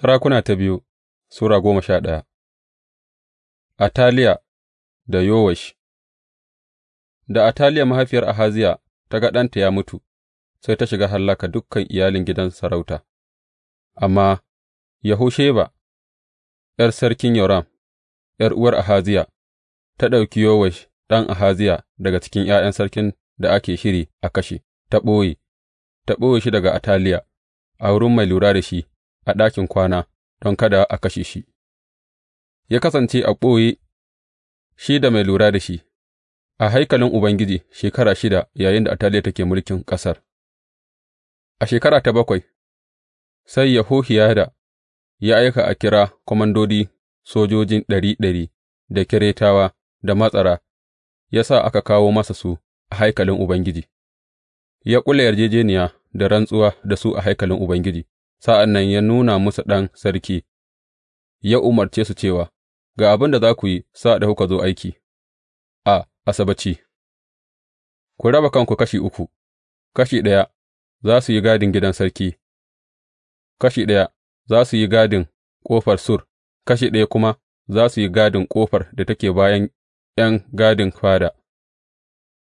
Sarakuna ta biyu Sura goma sha ɗaya Ataliya da Yowash Da Ataliya mahaifiyar Ahaziya ta ga ɗanta ya mutu, sai ta shiga hallaka dukkan iyalin gidan sarauta, amma Yahusheba, ’yar sarkin Yoram, yar uwar Ahaziya, ta ɗauki Yowash ɗan Ahaziya daga cikin ’ya'yan sarkin da ake shiri a kashe, ta ɓoye, ta ɓoye shi daga Ataliya a wurin mai lura da shi a ɗakin kwana don kada a kashe shi, ya kasance a ɓoye shi da mai lura da shi a haikalin Ubangiji shekara shida yayin yayinda Ataliya take mulkin ƙasar. A shekara ta bakwai, sai Yahohiyada ya aika a kira komandodi sojojin ɗari ɗari da Keretawa da matsara, ya sa aka kawo masa su a haikalin Ubangiji, ya ƙulla yarjejeniya da rantsuwa da su a haikalin Ubangiji Sa'an nan ya nuna musu ɗan sarki, ya umarce su cewa, Ga abin da za ku yi sa'ad da kuka zo aiki a asabaci ku raba kanku kashi uku, kashi ɗaya za su yi gadin gidan sarki, kashi ɗaya za su yi gadin ƙofar sur, kashi ɗaya kuma za su yi gadin ƙofar da take bayan ’yan gadin fada,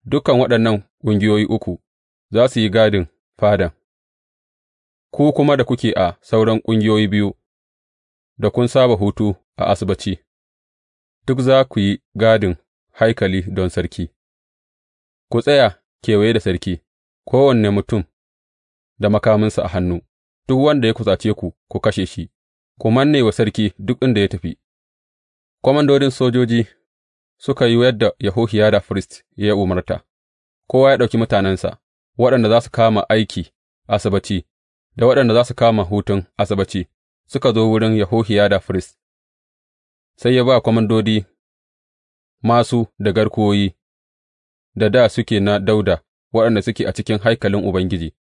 dukan waɗannan ƙungiyoyi uku za su yi gadin fadan. ku kuma da kuke a sauran ƙungiyoyi biyu da kun saba hutu a Asibaci, duk za ku yi gadin haikali don sarki, ku tsaya kewaye da sarki, kowanne mutum da makaminsa a hannu, duk wanda ya kusace ku ku kashe shi, ku manne wa sarki duk inda ya tafi. Kwamandorin sojoji suka yi yadda da firist ya umarta, kowa ya ɗauki mutanensa, waɗanda za su kama aiki Asabbaci da waɗanda za su kama hutun Asabbaci suka zo wurin Yehohiyada firist, sai ya ba kwamandodi masu da garkuwoyi da da suke na Dauda waɗanda suke a cikin haikalin Ubangiji,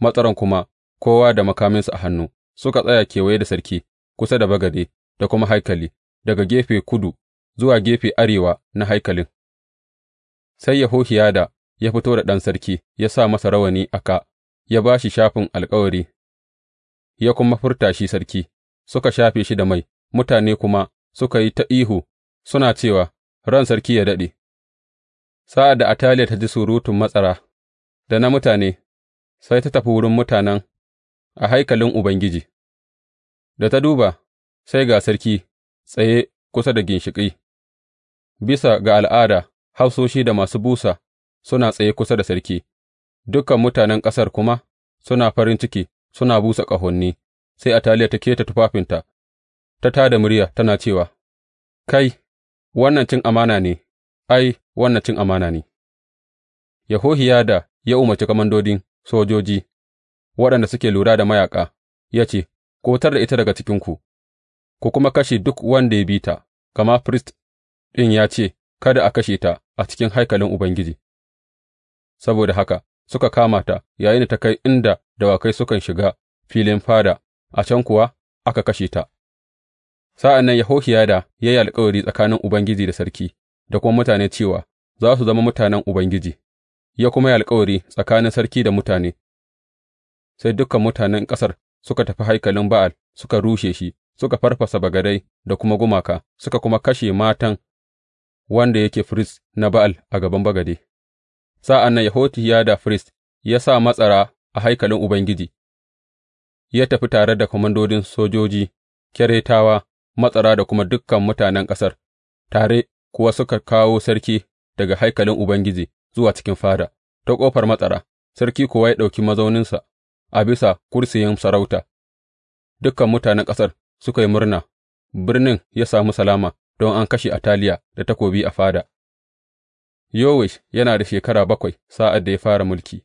matsaran kuma kowa da makaminsu a hannu, suka tsaya kewaye da sarki kusa da bagade da kuma haikali, daga gefe kudu zuwa gefe arewa na haikalin. Sai Yehohiyada ya fito da ɗan sarki ya sa masa rawani a ka ya ba shi shafin alkawari, ya kuma furta shi sarki, suka shafe shi da mai, mutane kuma suka yi ta ihu, suna cewa, Ran sarki ya daɗe. Sa'ad da Ataliya ta ji surutun matsara da na mutane, sai ta tafi wurin mutanen a haikalin Ubangiji, da ta duba, sai ga sarki tsaye kusa da ginshiƙi, bisa ga al'ada, hafsoshi da masu busa suna tsaye kusa da sarki, dukan mutanen ƙasar kuma suna farin ciki suna busa ƙahoni, sai Ataliya ta keta tufafinta, ta tā da murya tana cewa, Kai, wannan cin amana ne, ai, wannan cin amana ne. Yahohiyada ya umarci komandodin sojoji waɗanda suke lura da mayaƙa, ya ce, Ku fitar da ita daga cikinku, ku kuma kashe duk wanda ya bi ta, gama firist ɗin ya ce, Kada a kashe ta a cikin haikalin Ubangiji. Saboda haka suka kama ta yayinda ta kai inda dawakai sukan shiga filin fada, a can kuwa aka kashe ta. Sa'an nan Yehohiyada ya yi alkawari tsakanin Ubangiji da sarki da kuma mutane cewa za su zama mutanen Ubangiji, ya kuma yi alkawari tsakanin sarki da mutane, sai dukan mutanen ƙasar suka tafi haikalin Ba'al suka rushe shi, suka farfasa bagadai da kuma gumaka, suka kuma kashe matan wanda yake firist na Ba'al a gaban bagade. Sa'an nan Yehohiyada firist ya sa matsara a haikalin Ubangiji, ya tafi tare da komandodin sojoji, Keretawa, matsara da kuma dukan mutanen ƙasar, tare kuwa suka kawo sarki daga haikalin Ubangiji zuwa cikin fada, ta ƙofar matsara, sarki kuwa ya ɗauki mazauninsa a bisa kursiyin sarauta. Dukan mutanen ƙasar suka yi murna, birnin ya sami salama don an kashe Ataliya da takobi a fada. Yowash yana da shekara bakwai sa'ad da ya fara mulki.